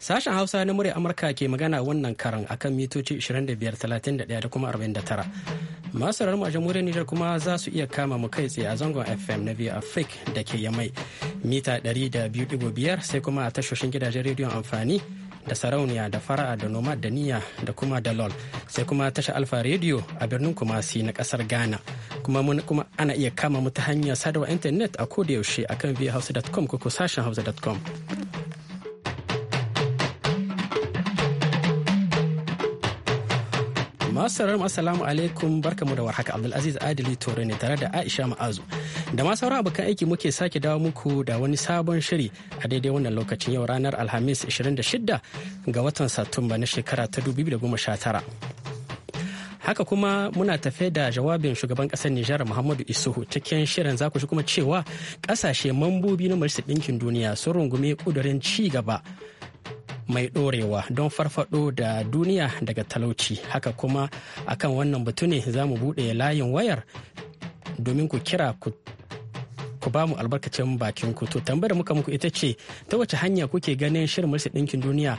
Sashen Hausa na murya Amurka ke magana wannan karan akan mitoci 25,31 da kuma 49. Masu rarmu a jamhuriyar Nijar kuma za su iya kama mu kai tsaye a zangon FM na biyu Africa da ke yamai mita 200.5 sai kuma a tashoshin gidajen rediyon amfani da sarauniya da fara'a da noma da niya da kuma da lol sai kuma tasha alfa rediyo a birnin kumasi na kasar ghana kuma ana iya kama mu ta hanyar sadarwa intanet a kodayaushe akan vhausa.com ko sashen hausa.com Masu sauraron assalamu alaikum barkamu da warhaka Abdulaziz Adili Tore ne tare da Aisha Ma'azu. Da ma sauran abokan aiki muke sake dawo muku da wani sabon shiri a daidai wannan lokacin yau ranar Alhamis 26 ga watan Satumba na shekara ta tara. Haka kuma muna tafe da jawabin shugaban kasar Nijar Muhammadu Isuhu cikin shirin za ku shi kuma cewa kasashe mambobi na Majalisar Ɗinkin Duniya sun rungume kudurin ci gaba mai ɗorewa don farfaɗo da duniya daga talauci haka kuma akan wannan batu ne za mu buɗe layin wayar domin ku kira ku ku ba mu albarkacin bakin ku to tambayar muka muku ita ce ta wace hanya kuke ganin shirin majalisar ɗinkin duniya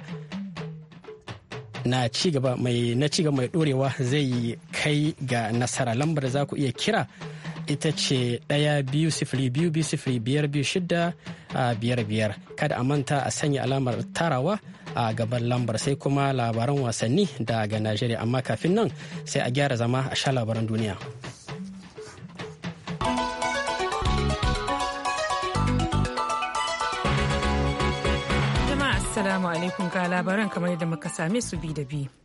na cigaba mai na cigaba mai ɗorewa zai kai ga nasara lambar za ku iya kira ita ce ɗaya biyu sifili biyu biyu sifili biyar biyu shida biyar biyar kada a manta a sanya alamar tarawa a gaban lambar sai kuma labaran wasanni daga Najeriya amma kafin nan sai a gyara zama a sha labaran duniya. Jama'a Assalamu alaikum ga labaran kamar yadda muka same su bi da bi.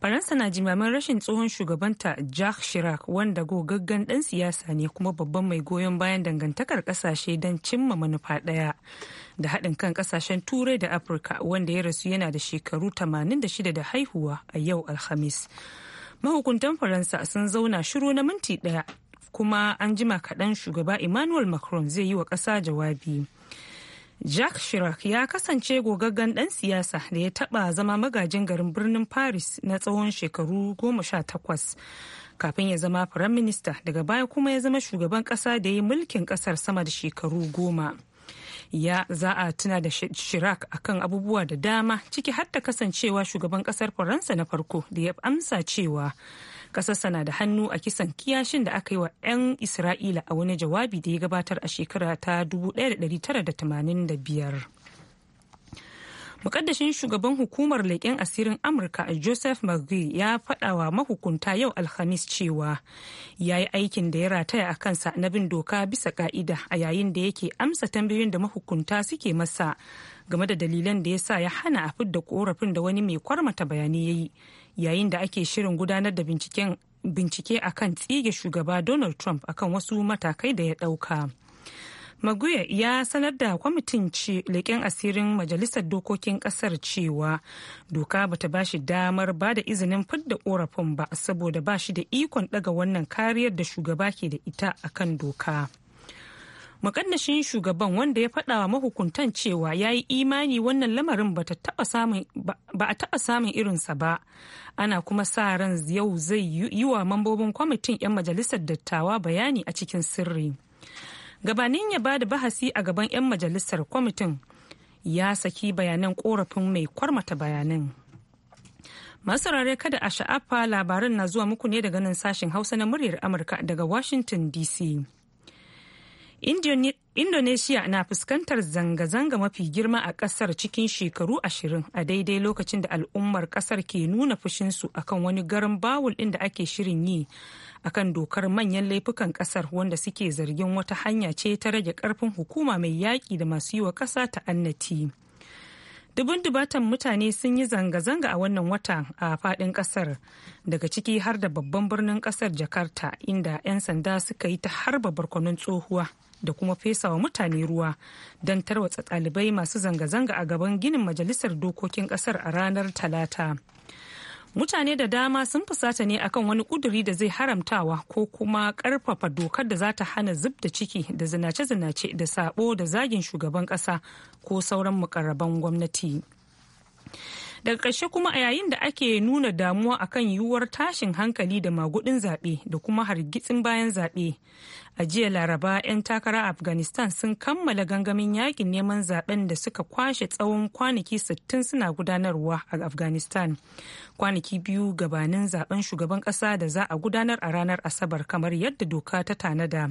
faransa na jimamin rashin tsohon shugabanta jacques shirak wanda gogaggan dan siyasa ne kuma babban mai goyon bayan dangantakar kasashe don cimma manufa daya da haɗin kan kasashen turai da afirka wanda ya rasu yana da shekaru 86 da haihuwa a yau alhamis mahukuntan faransa sun zauna shiru na minti daya kuma an jima kaɗan shugaba emmanuel macron zai yi wa ƙasa jawabi Jack Chirac ya kasance gogaggan ɗan siyasa da ya taɓa zama magajin garin birnin Paris na tsawon shekaru goma sha takwas kafin ya zama firaminista daga baya kuma ya zama shugaban ƙasa da ya yi mulkin ƙasar sama da shekaru goma. Ya za a tuna da Chirac akan abubuwa da dama ciki har da kasancewa shugaban ƙasar Faransa na farko da ya amsa cewa kasar na da hannu a kisan kiyashin da aka yi wa 'yan isra'ila a wani jawabi da ya gabatar a shekara ta 1985 mukaddashin shugaban hukumar leƙen asirin amurka a joseph mcgee ya faɗa wa mahukunta yau alhamis cewa ya yi aikin da ya rataya a kansa na bin doka bisa ka'ida a yayin da yake amsa tambayoyin da mahukunta suke masa game da dalilan da ya sa ya hana a fidda korafin da wani mai kwarmata bayanai ya yi yayin da ake shirin gudanar da bincike a kan tsige shugaba donald trump a kan wasu matakai da ya ɗauka maguire ya sanar da kwamitin leƙen asirin majalisar dokokin ƙasar cewa doka bata ba shi damar ba da izinin fidda korafin ba saboda ba shi da ikon ɗaga wannan kariyar da shugaba ke da ita akan doka mukaddashin shugaban wanda ya faɗawa mahukuntan cewa ya yi imani wannan lamarin ba a taɓa samun irinsa ba ana kuma sa ran yau zai yi wa mambobin kwamitin 'yan majalisar dattawa bayani a cikin sirri gabanin ya ba da bahasi a gaban 'yan majalisar kwamitin ya saki bayanan korafin mai kwarmata bayanan masarare kada a sha'afa labaran na zuwa muku ne daga nan sashen hausa na muryar amurka daga washington dc Indonesia na fuskantar zanga-zanga mafi girma a kasar cikin shekaru ashirin a daidai lokacin da al'ummar kasar ke nuna fushinsu akan wani garin bawul ɗin ake shirin yi akan dokar manyan laifukan kasar wanda suke zargin wata hanya ce ta rage karfin hukuma mai yaƙi da masu yi wa ƙasa annati dubun dubatan mutane sun yi zanga-zanga a wannan wata a fadin kasar daga ciki har da babban birnin kasar jakarta inda 'yan sanda suka yi ta harba barkwanon tsohuwa da kuma fesa wa mutane ruwa don tarwatsa ɗalibai masu zanga-zanga a gaban ginin majalisar dokokin ƙasar a ranar talata mutane da dama sun fusata ne akan wani kuduri da zai haramtawa ko kuma karfafa dokar da za ta hana zub da ciki da zinace-zinace da sabo da zagin shugaban ƙasa ko sauran mukarraban gwamnati. daga ƙarshe kuma a yayin da ake nuna damuwa akan yiwuwar tashin hankali da magudin zaɓe da kuma hargitsin bayan zaɓe a jiya laraba 'yan takara afghanistan sun kammala gangamin yakin neman zaben da suka kwashe tsawon kwanaki 60 suna gudanarwa a afghanistan kwanaki biyu gabanin zaben shugaban ƙasa da za a gudanar a ranar asabar kamar yadda doka ta tanada.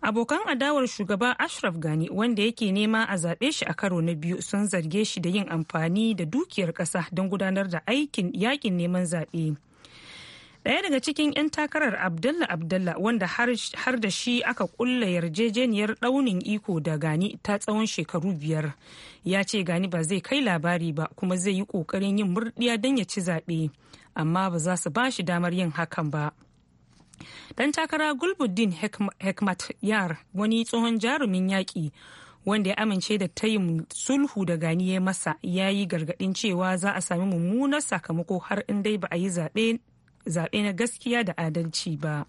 abokan adawar shugaba ashraf gani wanda yake nema a zaɓe shi a karo na biyu sun zarge shi da yin amfani da dukiyar ƙasa don gudanar da aikin yakin neman zaɓe ɗaya daga cikin 'yan takarar abdulla abdulla wanda har da shi aka ƙulla yarjejeniyar ɗaunin iko da gani ta tsawon shekaru biyar ya ce gani ba zai kai labari ba kuma zai yi ƙoƙarin yin murɗiya don ya ci zaɓe amma ba za su ba shi damar yin hakan ba. dan takara gulbuddin hekmat yar wani tsohon jarumin yaƙi wanda ya amince da tayin sulhu da gani ya masa ya yi gargaɗin cewa za a sami mummunar sakamako har in dai ba a yi zaɓe na gaskiya da adalci ba.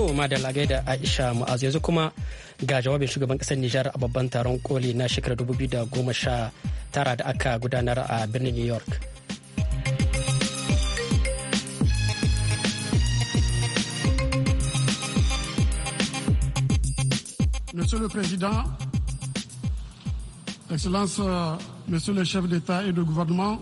To madalla gaida Aisha Mu'azu yanzu kuma ga jawabin shugaban kasar Nijar a babban taron koli na shekarar 2019 da aka gudanar a birnin New York. Monsieur le Président, Excellences, euh, Monsieur le chef d'État et de gouvernement,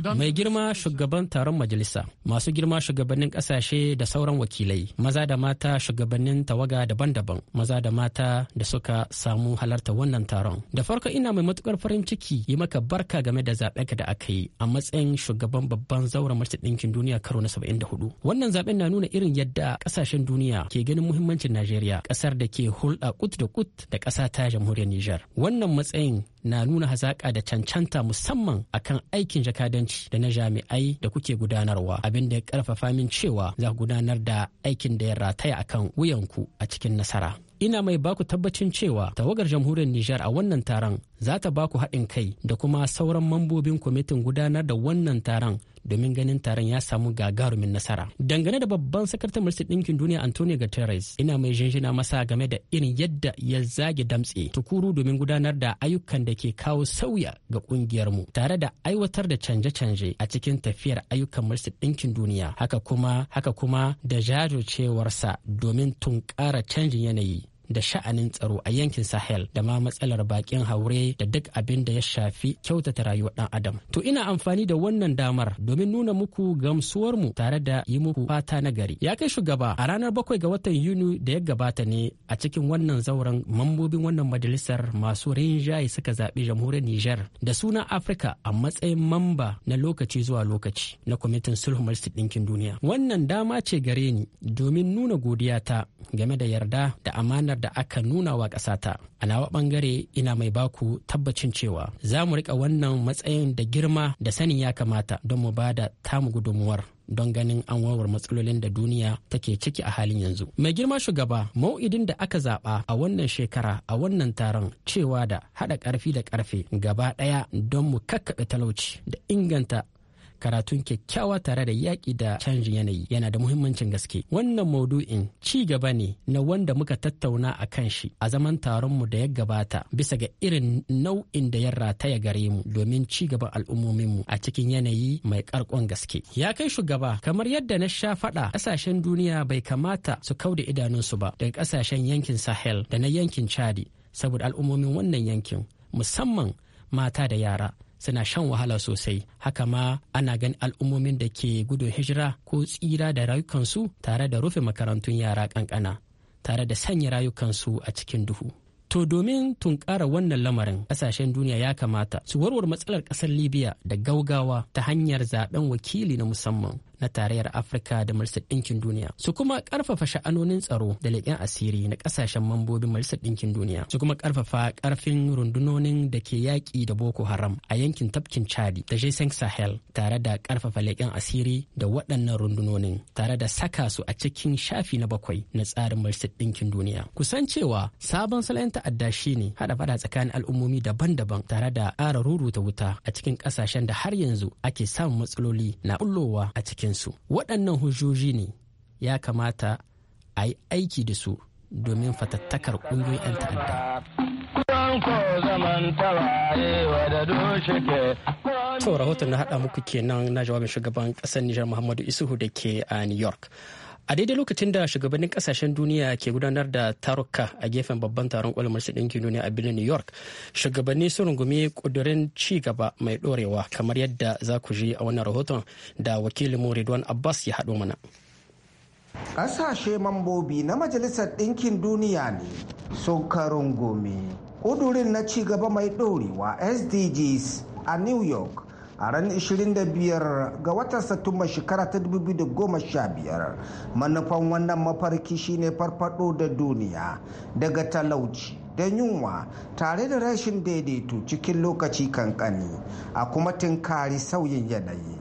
mai girma shugaban taron majalisa masu girma shugabannin kasashe da sauran wakilai maza da mata shugabannin tawaga daban-daban maza da mata da suka samu halarta wannan taron da farko ina mai matukar farin ciki yi maka barka game da zaɓen da aka yi a matsayin shugaban babban zauren mace ɗinkin duniya karo na 74 wannan zaben na nuna irin yadda kasashen duniya ke ganin muhimmancin najeriya kasar da ke hulɗa kut da kut da ƙasa ta jamhuriyar nijar wannan matsayin na nuna hazaƙa da cancanta musamman akan aikin jakadan gwamnati da na jami'ai da kuke gudanarwa abin da ya karfafa min cewa za ku gudanar da aikin da ya rataya a kan wuyanku a cikin nasara ina mai baku tabbacin cewa tawagar jamhuriyar Nijar a wannan taron za ta baku haɗin kai da kuma sauran mambobin kwamitin gudanar da wannan taron domin ganin taron ya samu gagarumin nasara. Dangane da babban sakataren Majalisar Ɗinkin Duniya Antonio Guterres ina mai jinjina masa game da irin yadda ya zage damtse tukuru domin gudanar da ayyukan da ke kawo sauya ga mu tare da aiwatar da canje-canje a cikin tafiyar ayyukan Majalisar Ɗinkin Duniya haka kuma haka kuma da jajircewarsa domin tunƙara canjin yanayi da sha'anin tsaro a yankin Sahel da ma matsalar bakin haure da duk abin da ya shafi kyautata rayuwar dan adam. To ina amfani da wannan damar domin nuna muku gamsuwar mu tare da yi muku fata na gari. Ya kai shugaba a ranar bakwai ga watan Yuni da ya gabata ne a cikin wannan zauren mambobin wannan majalisar masu rinjaye suka zaɓi jamhuriyar niger da suna Afirka a matsayin mamba na lokaci zuwa lokaci na kwamitin sulhu majalisar ɗinkin duniya. Wannan dama ce gare ni domin nuna godiya ta game da yarda da amanar da aka nuna wa ƙasata a nawa ɓangare ina mai baku tabbacin cewa za mu riƙa wannan matsayin da girma da sanin ya kamata don mu ba da tamu gudunmuwar don ganin an warware matsalolin da duniya take ciki a halin yanzu. Mai girma shugaba mau'idin da aka zaɓa a wannan shekara a wannan taron cewa da haɗa ƙarfi da ƙarfe gaba ɗaya don mu kakkaɓe talauci da inganta karatun kyakkyawa tare da yaƙi da canjin yanayi yana da muhimmancin gaske wannan maudu'in ci gaba ne na wanda muka tattauna a kan shi a zaman taron mu da ya gabata bisa ga irin nau'in da ya rataya gare mu domin ci gaban al'ummominmu a cikin yanayi mai karkon gaske ya kai shugaba kamar yadda na sha faɗa ƙasashen duniya bai kamata su kauda idanunsu ba daga ƙasashen yankin sahel da na yankin chadi saboda al'ummomin wannan yankin musamman mata da yara suna shan wahala sosai haka ma ana ganin al'ummomin da ke gudun hijira ko tsira da rayukansu tare da rufe makarantun yara kankana tare da sanya rayukansu a cikin duhu To domin tunkara wannan lamarin kasashen duniya ya kamata su warware matsalar kasar Libya da gaugawa ta hanyar zaben wakili na musamman na tarayyar afirka da majalisar ɗinkin duniya su kuma ƙarfafa sha'anonin tsaro da leƙen asiri na ƙasashen mambobin majalisar ɗinkin duniya su kuma ƙarfafa ƙarfin rundunonin da ke yaƙi da boko haram a yankin tafkin chadi da jason sahel tare da ƙarfafa leƙen asiri da waɗannan rundunonin tare da saka su a cikin shafi na bakwai na tsarin majalisar ɗinkin duniya kusan cewa sabon salon ta'adda shine haɗa faɗa tsakanin al'ummomi daban-daban tare da ƙara ruruta wuta a cikin ƙasashen da har yanzu ake samun matsaloli na bullowa a cikin bayansu waɗannan hujjoji ne ya kamata a yi aiki da su domin fatattakar ƙungiyoyin 'yan ta'adda. To rahoton na haɗa muku kenan na jawabin shugaban ƙasar Nijar Muhammadu Isuhu da ke a New York. a daidai lokacin da shugabannin kasashen duniya ke gudanar da taruka a gefen babban taron kwalmar dinkin duniya a birnin new york shugabanni sun rungumi kudurin ci gaba mai dorewa kamar yadda za ku ji a wannan rahoton da wakilin more don abbas ya haɗo mana Ƙasashe mambobi na Majalisar Ɗinkin Duniya ne sun karungumi. Ƙudurin na cigaba mai ɗorewa SDGs a New York a ran 25 ga watan satumba shekara ta 2015 manufan wannan mafarki shine farfado da duniya daga talauci da yunwa tare da rashin daidaito cikin lokaci kankani a kuma tinkari sauyin yanayi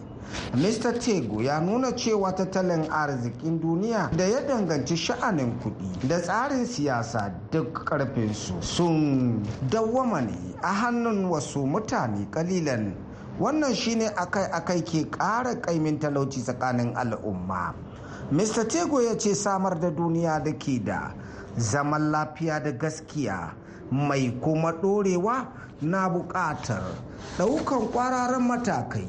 mr tego ya nuna cewa tattalin arzikin duniya da ya danganci sha'anin kuɗi da tsarin siyasa duk ƙarfinsu sun dawwama ne a hannun wasu mutane kalilan wannan shine akai-akai ke ƙara ƙaimin talauci tsakanin al'umma mr tego ya ce samar da duniya da ke da zaman lafiya da gaskiya mai kuma dorewa na buƙatar ɗaukan ƙwararan matakai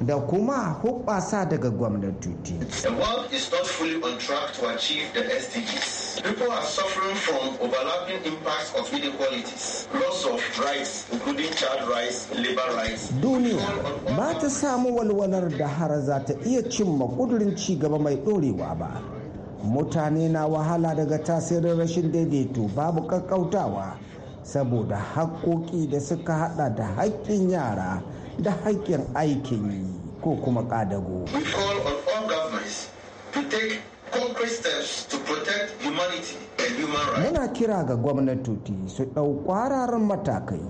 da kuma hoɓɓasa daga gwamnati. The world is not fully on track to achieve the SDGs. people are suffering from overlapping impacts of inequalities, loss of rights, including child rights, labor rights. Duniya ba ta samu walwalar da har za ta iya cimma kudurin ci gaba mai ɗorewa ba. Mutane na wahala daga tasirin rashin daidaito babu kakkautawa saboda haƙoƙi da suka haɗa da haƙƙin yara da haƙƙin aikin yi ko kuma ƙadago. We call on all governments to take concrete Yana kira ga gwamnatoci su ɗau ƙwararren matakai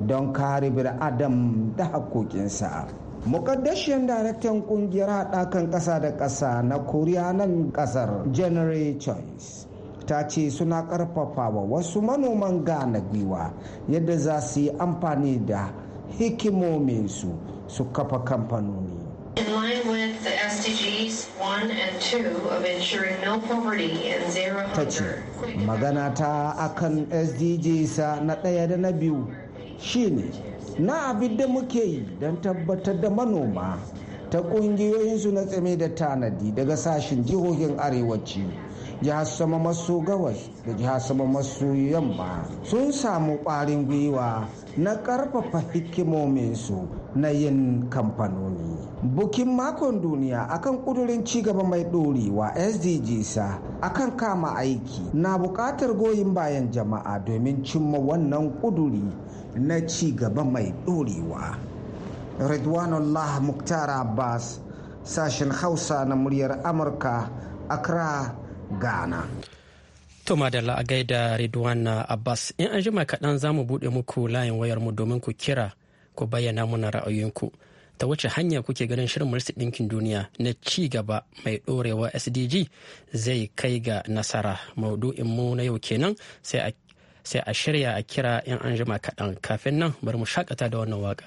don kare adam da haƙoƙinsa. Mukaddashiyar daraktan ƙungiyar haɗakan ƙasa da ƙasa na koriya nan ƙasar January Choice ta ce suna ƙarfafa wa wasu manoman gane gwiwa yadda za su yi amfani da hikimominsu su kafa kamfanoni. ta ce magana ta akan SDGs na ɗaya da na biyu shine na abin da muke yi don tabbatar da manoma ta ƙungiyoyinsu na tsami da tanadi daga sashen jihohin arewaci. jihar sama masu gabas da jihar sama masu yamma sun samu ƙwarin gwiwa na ƙarfafa hikimominsu na yin kamfanoni bukin makon duniya akan ƙudurin cigaba mai ɗorewa sa akan kama aiki na buƙatar goyin bayan jama'a domin cimma wannan kuduri na cigaba mai ɗorewa ridwanullah muktar abbas sashen hausa na muryar amurka accra ghana Toma da la'agai da Ridwan Abbas in an jima kaɗan za mu buɗe muku layin wayarmu domin ku kira ku bayyana muna ra'ayoyinku. Ta wace hanya kuke ganin shirin Majalisar Ɗinkin Duniya na ci gaba mai ɗorewa SDG zai kai ga nasara. Maudu'in mu na yau kenan sai a shirya a kira in an jima kaɗan kafin nan bari mu shakata da wannan waka.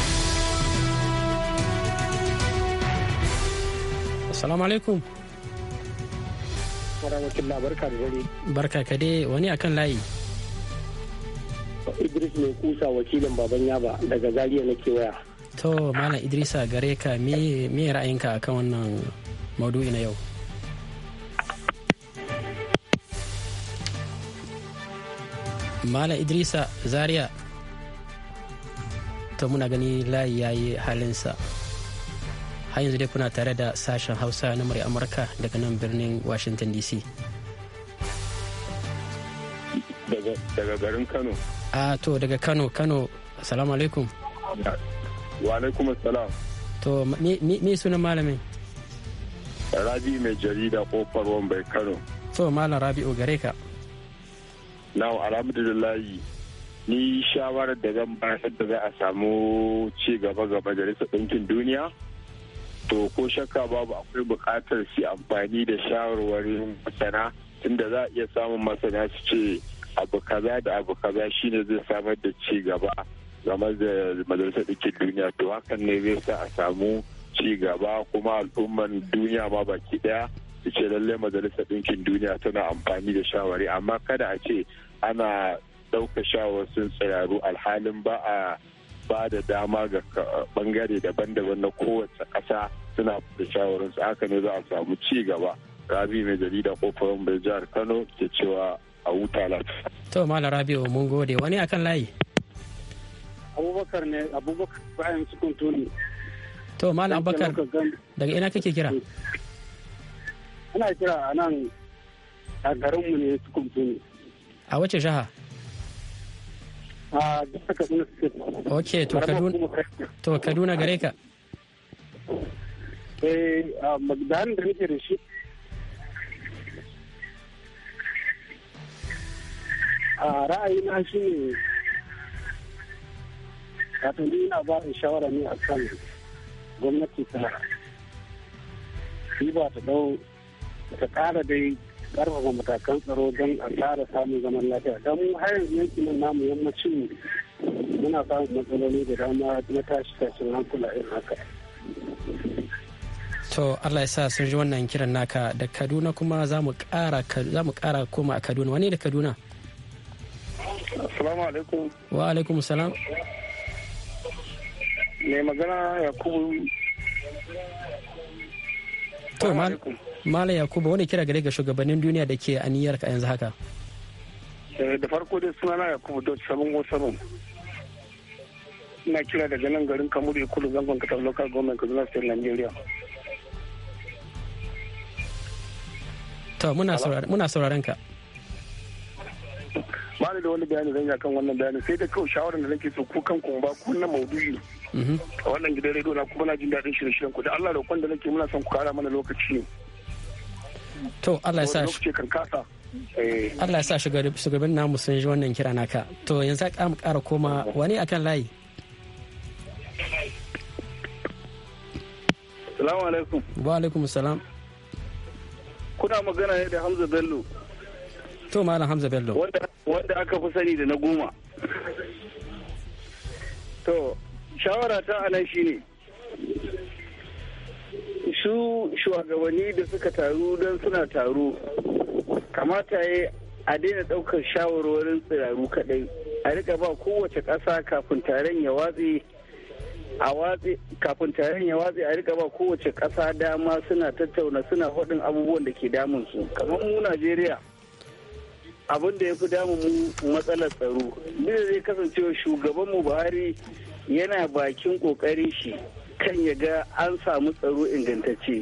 Assalamu alaikum barka da ka dai wani akan layi idris mai kusa wakilin baban yaba daga zariya na kewaya to malam idrisa gare ka me ra'ayinka akan wannan maudu'i na yau Mala Idrisa Zaria to muna gani layi yayi halinsa. har yanzu dai kuna tare da sashen hausa na murya amurka daga nan birnin washington dc daga garin kano a to daga kano kano assalamu alaikum wa alaikum assalam to me suna malamin rabi mai jarida kofar wambai kano to malam rabi gare ka na alhamdulillahi ni shawarar da zan bayar da za a samu ci gaba da majalisar ɗinkin duniya to ko shakka babu akwai buƙatar su amfani da shawarwarin masana tunda za a iya samun masana su ce abu kaza da abu kaza shine zai samar da ci gaba game da majalisar ɗinkin duniya to hakan ne zai sa a samu ci gaba kuma al'umman duniya ma baki ɗaya su ce lallai majalisar ɗinkin duniya tana amfani da shawari amma kada a ce ana ɗauka shawarar sun tsiraru alhalin ba a ba da dama ga bangare daban-daban na kowace ƙasa suna da shawararsu haka ne za a samu ci gaba rabi mai jarida kofar bai jihar kano ke cewa a huta lafiya. to mala rabi'u mun gode wani akan layi. abubakar ne abubakar bayan cikin tuni. to mala abubakar daga ina kake kira. ana kira a nan a garinmu ne cikin tuni. a wace jiha? ok to kaduna gare ka eh, da nake a ra'ayina shi ne shawara ne a gwamnati ta ba ta dau ta kara dai karfafa matakan tsaro don a tsara samun zaman lafiya don mu har yanzu yankin nan namu yammacin muna samun matsaloli da dama na tashi tashin hankula in haka to allah ya sa sun ji wannan kiran naka da kaduna kuma za mu kara koma a kaduna wani da kaduna assalamu alaikum wa alaikum salam mai magana yakubu to Malam Yakubu wani kira gare ga shugabannin duniya da ke aniyar ka yanzu haka. Eh, da farko dai suna na Yakubu Dutch sabon wasabon. Ina kira daga nan garin Kamuru Kudu zangon Katar Local Government Kaduna State Nigeria. To muna sauraron ka. ba da wani bayani zan yi akan wannan bayani sai da kawai shawarar da nake so ku kan kuma ba ku na maudu'i mhm. a wannan gidan rediyo na kuma na jin daɗin shirye-shiryen ku da Allah kwan da nake muna son ku kara mana lokaci to Allah ya sa shi eh, Allah ya sa shugaban namu sun ji wannan kira naka to yanzu ka mu ƙara koma wani akan layi Salamu alaikum. Wa alaikum salam. Kuna magana ne da Hamza Bello. To Malam Hamza Bello. Wanda aka fi sani da na goma. To, shawara ta anan shine su shugabanni da suka taru don suna taro kamata ya a daina ɗaukar shawarwarin tsiraru kaɗai a riga ba kowace ƙasa kafin taron ya watse a watse kafin taron ya watse a rika ba kowace ƙasa dama suna tattauna suna faɗin abubuwan da ke damun su kamar mu najeriya abin da ya fi mu matsalar tsaro ne zai kasancewa mu buhari yana bakin ƙoƙarin shi kan ya ga an samu tsaro ingantacce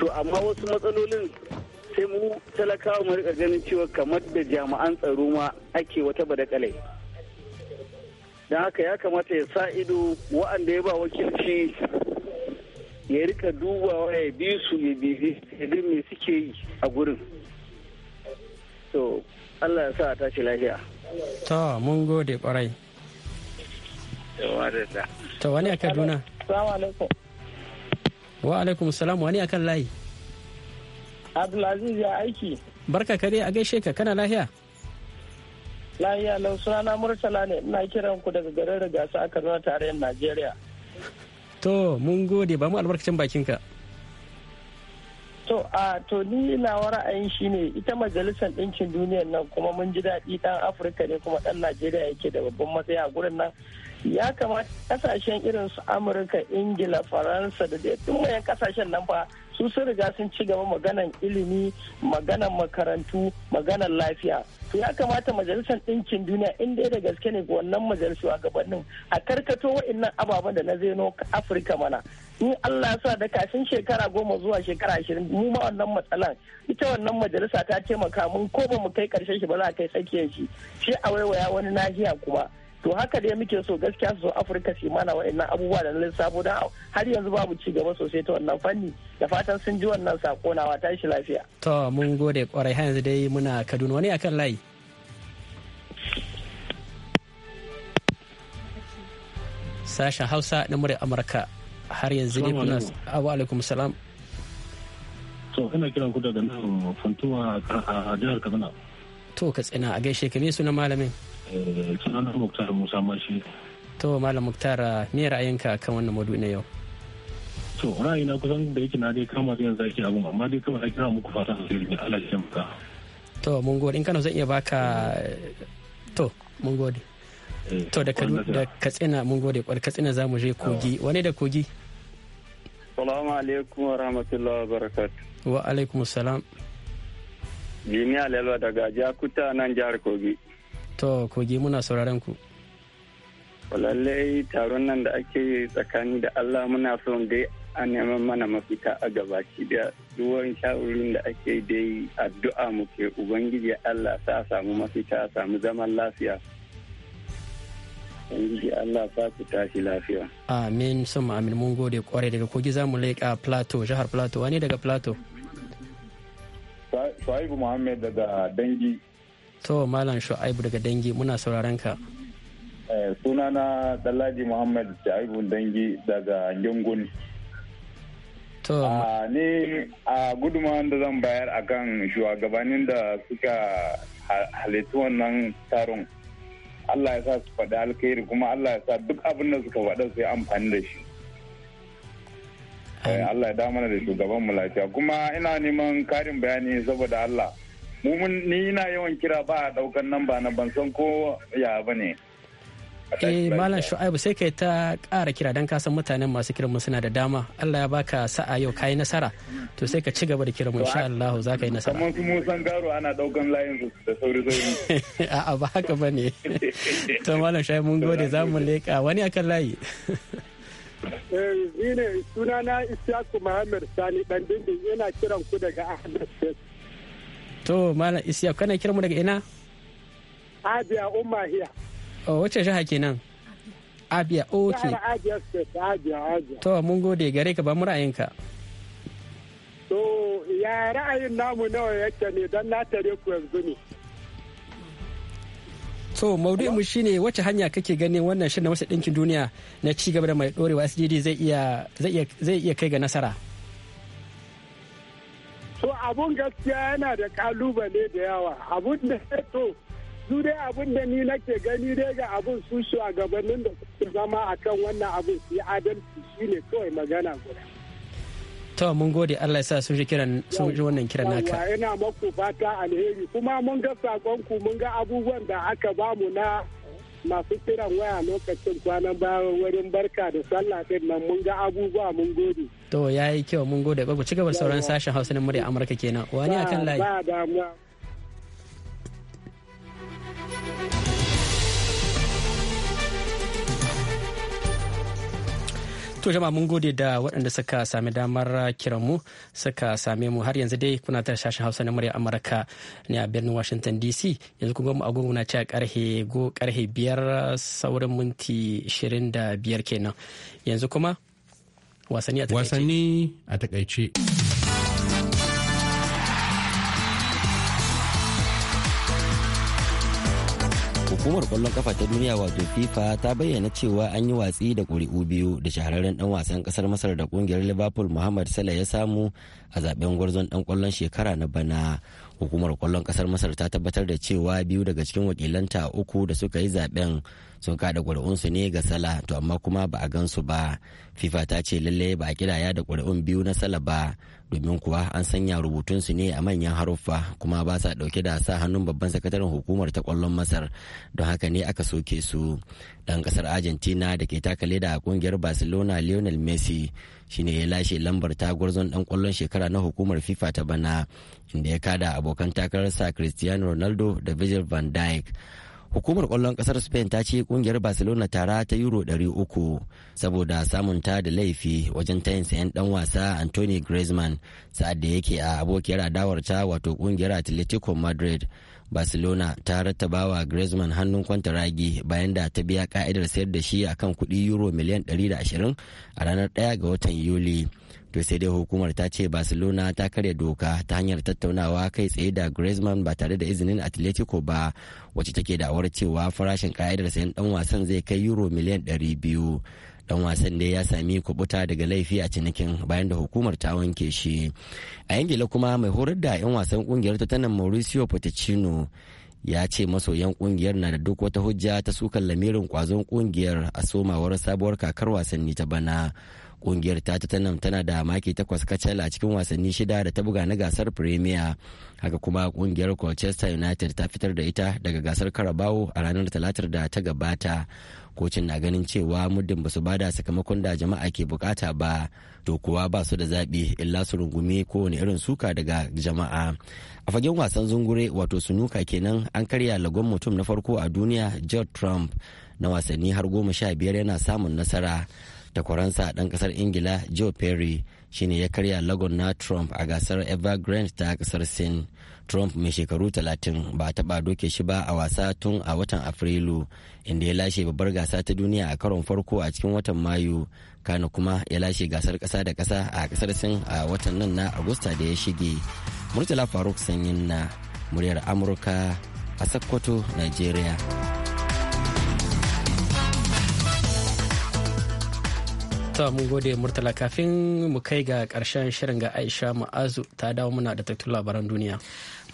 to amma wasu matsalolin sai mu talakawa mu rika ganin cewa kamar da jami'an tsaro ma ake wata badakalai don haka ya kamata ya sa ido wa'anda ya ba wakilci ya rika dubawa ya bi su ya bibi ya me suke yi a gurin to allah ya sa a tashi lafiya ta mun gode kwarai ta wani a kaduna Salamu Wa alaikum salam wani akan layi. Abdulaziz ya aiki. Barka kare a gaishe ka kana lahiya? Lahiya lau sunana Murtala ne ina kiran ku daga garin Rigasa a Kano tarayyar Najeriya. To mun gode ba mu albarkacin bakinka. To a to ni nawa ra'ayin ne ita majalisar ɗinkin duniyar nan kuma mun ji daɗi ɗan Afirka ne kuma ɗan Najeriya yake da babban matsayi a gurin nan ya kamata kasashen irin su amurka ingila faransa da dai duk mayan kasashen nan fa su sun riga sun ci gaba maganan ilimi maganan makarantu maganan lafiya to ya kamata majalisar ɗinkin duniya in da gaske ne ga wannan majalisar a gabanin a karkato wa'annan ababen da na zeno afirka mana in allah sa da kafin shekara goma zuwa shekara ashirin mu ma wannan matsalan ita wannan majalisa ta taimaka mun ko ba mu kai karshen shi ba za a kai tsakiyar shi shi a waiwaya wani nahiya kuma to haka dai muke so gaskiya su afirka su mana wa'annan abubuwa da na lissafo don har yanzu babu ci gaba sosai ta wannan fanni da fatan sun ji wannan sako na wata shi lafiya to mun gode kwarai yanzu dai muna kaduna wani akan layi sashen hausa na murya amurka har yanzu ne kuna abu alaikum salam to ina kiran ku daga nan funtuwa a jihar kaduna. to ka tsina a gaishe ka ne sunan malamin Eh, sunana muktar musa mashi to malam muktar ah, me ra'ayinka kan wannan madu na yau to na kusan da yake na dai kama zai yanzu ake abun amma dai kawai ake muku fatan alheri ne Allah ya muka to mun gode in kana zan iya baka to mun gode eh, to da katsina mun gode kwar katsina za mu je kogi wani da kogi salamu alaikum wa rahmatullahi wa barakatuh wa alaikum salam jini alalwa daga jakuta nan jihar kogi To kogi muna sauraron ku. lallai taron nan da ake tsakani da Allah muna son dai a neman mana mafita a ki da duwan sha'urin da ake dai addu'a muke ubangiji Allah sa samu mafita a samu zaman lafiya. Ubangiji Allah sa ku tashi lafiya. Amin sun amin mun gode kwarai daga kogi za mu leƙa Plateau jihar Plateau wani daga Plateau. sa'ibu Muhammad daga Dangi. To Malam Shu'aibu daga Dangi muna sauraron ka. Eh, Suna na Dalaji Muhammad Shu'aibu Dangi daga Gyungun. To ah, ne a gudunmawar da zan bayar a kan shugabannin da suka halittu wannan taron. Allah ya sa su faɗi alkhairi kuma Allah ya sa duk abin da suka faɗa su yi amfani da shi. Eh, Allah ya damana da shugaban mu lafiya kuma ina neman karin bayani saboda Allah. mun ni na yawan kira ba a daukan nan ba na ban san ko ya ba ne eh malam shu'aibu sai kai ta ƙara kira dan ka san mutanen masu kiran mu suna da dama Allah ya baka sa'a yau kai nasara to sai ka ci gaba da kira mu insha Allah za ka yi nasara kamar kuma san garo ana daukan layin su da sauri sauri a'a ba haka bane to malam shu'aibu mun gode za mu leka wani akan layi eh ne sunana Ishaku Muhammad Sani dan dindin yana kiran ku daga Ahmed To Malam Isiya kana kira mu daga ina? Abia Umma hiya. Oh wace jiha kenan? Abia okay. Abia State Abia Abia. To mun gode gare ka ba mu ra'ayinka. To ya ra'ayin namu nawa yake ne don na tare ku yanzu ne. To maudu mu shine wace hanya kake ganin wannan shirin na wasu ɗinkin duniya na ci gaba da mai ɗorewa SDD zai iya kai ga nasara. abun gaskiya yana da kalubale da yawa abun da to su dai abun da ni nake gani dai ga abun su shugabannin da suke zama a kan wannan abun su yi adalci shine kawai magana guda. To mun gode Allah ya sa sun ji kiran sun ji wannan kiran naka. yana maku fata alheri kuma mun ga sakonku mun ga abubuwan da aka bamu na masu kiran waya lokacin kwanan bayan wurin barka da sallah din nan mun ga abubuwa mun gode. to ya yi kyau mun gode ku ci gaba sauran sashen hausa na murya amurka kenan wani akan layi To jama mun gode da waɗanda suka sami damar kiran mu suka same mu har yanzu dai kuna ta sashen Hausa na murya Amurka ne a birnin Washington DC yanzu kuma mu na cewa karhe go karhe biyar saurin minti 25 kenan yanzu kuma wasanni a takaice wasanni a takaice hukumar kwallon kafa ta duniya wato fifa ta bayyana cewa an yi watsi da ƙuri'u biyu da shahararren ɗan wasan ƙasar masar da ƙungiyar liverpool muhammad salah ya samu a zaben gwarzon ɗan kwallon shekara na bana hukumar kwallon kasar masar ta tabbatar da cewa biyu daga cikin wakilanta uku da suka yi zaben sun kada ƙuri'unsu ne ga sala to amma kuma ba a gansu ba fifa ta ce lallai ba a kiraya da ƙuri'un biyu na sala ba domin kuwa an sanya rubutunsu ne a manyan haruffa kuma ba sa dauke da sa hannun babban sakataren hukumar ta kwallon masar don haka ne aka soke su dan kasar argentina da ke taka leda a kungiyar barcelona lionel messi shine ya lashe lambar zon dan kwallon shekara na hukumar fifa ta bana inda ya kada abokan takararsa cristiano ronaldo da virgil van dijk hukumar kwallon kasar spain ta ce kungiyar barcelona tara ta euro 300 saboda samun ta da laifi wajen tayin sayan dan wasa anthony griezmann sa'ad da yake a abokiyar adawar ta wato kungiyar atletico madrid barcelona ta rattaba wa griezmann hannun kwanta ragi bayan da ta biya ka'idar sayar da shi akan kudi euro miliyan 120 a ranar 1 ga watan yuli to sai dai hukumar ta ce barcelona ta karya doka ta hanyar tattaunawa kai tsaye da griezmann ba tare da izinin atletico ba wacce take da'awar cewa farashin ka'idar sayan dan wasan zai kai euro miliyan 200 dan wasan da ya sami kubuta daga laifi a cinikin bayan da hukumar ta wanke shi a ingila kuma mai horar da 'yan wasan kungiyar ta tanan mauricio pochettino ya ce maso yan kungiyar na da duk wata hujja ta sukan lamirin kwazon kungiyar a somawar sabuwar kakar wasanni ta bana kungiyar ta tottenham tana da maki takwas kacal a cikin wasanni shida da ta buga na gasar premier haka kuma kungiyar colchester united ta fitar da ita daga gasar Karabawo a ranar talatar da ta gabata kocin na ganin cewa muddin basu bada sakamakon da jama'a ke bukata ba to kuwa ba su da zaɓi illa su rungumi kowane irin suka daga jama'a a fagen wasan zungure wato sunuka kenan an karya lagon mutum na farko a duniya george trump na wasanni har goma sha biyar yana samun nasara da a ɗan ƙasar ingila joe perry shine ya karya lagon na trump a gasar evergrande ta kasar sin trump mai shekaru 30 ba taɓa doke shi ba a wasa tun a watan afrilu inda ya lashe babbar gasa ta duniya a karon farko a cikin watan mayu kano kuma ya lashe gasar kasa da kasa a ƙasar sin a watan nan na agusta da ya shige murtala faruk sanyin na muryar amurka a sakkwato nigeria ta mun gode murtala kafin mu kai ga karshen shirin ga aisha ma'azu ta dawo muna da tattun labaran duniya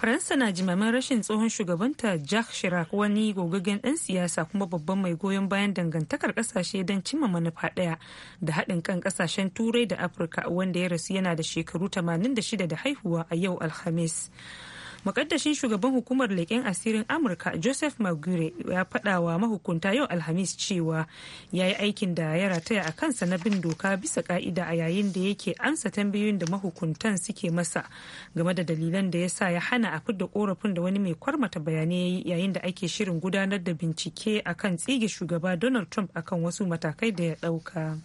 faransa na jimamin rashin tsohon shugabanta jacques chirac wani gogaggen ɗan siyasa kuma babban mai goyon bayan dangantakar kasashe don cimma manufa daya da haɗin kan kasashen turai da afirka wanda ya rasu yana da shekaru 86 da haihuwa a yau alhamis makaddashin shugaban hukumar leƙen asirin amurka joseph maguire ya faɗa wa mahukunta yau alhamis cewa ya yi aikin da ya rataya a kansa na bin doka bisa ka'ida a yayin da yake amsa tambayoyin da mahukuntan suke masa game da dalilan da ya sa ya hana a fidda korafin da wani mai kwarmata bayanai yayin da ake shirin gudanar da bincike a kan tsige shugaba donald trump akan wasu matakai da ya ɗauka.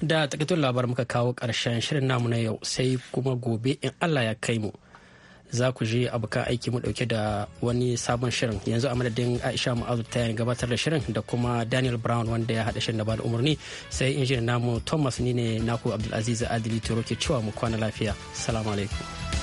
da takaitun labar muka kawo ƙarshen shirin namu na yau sai kuma gobe in allah ya kai mu za ku je abuka aiki mu dauke da wani sabon shirin yanzu a madadin aisha ma'azu ta gabatar da shirin da kuma daniel brown wanda ya hada shirin da bada umarni sai injin namu thomas ni ne naku abdulaziz adili turo ke cewa mu kwana lafiya salamu alaikum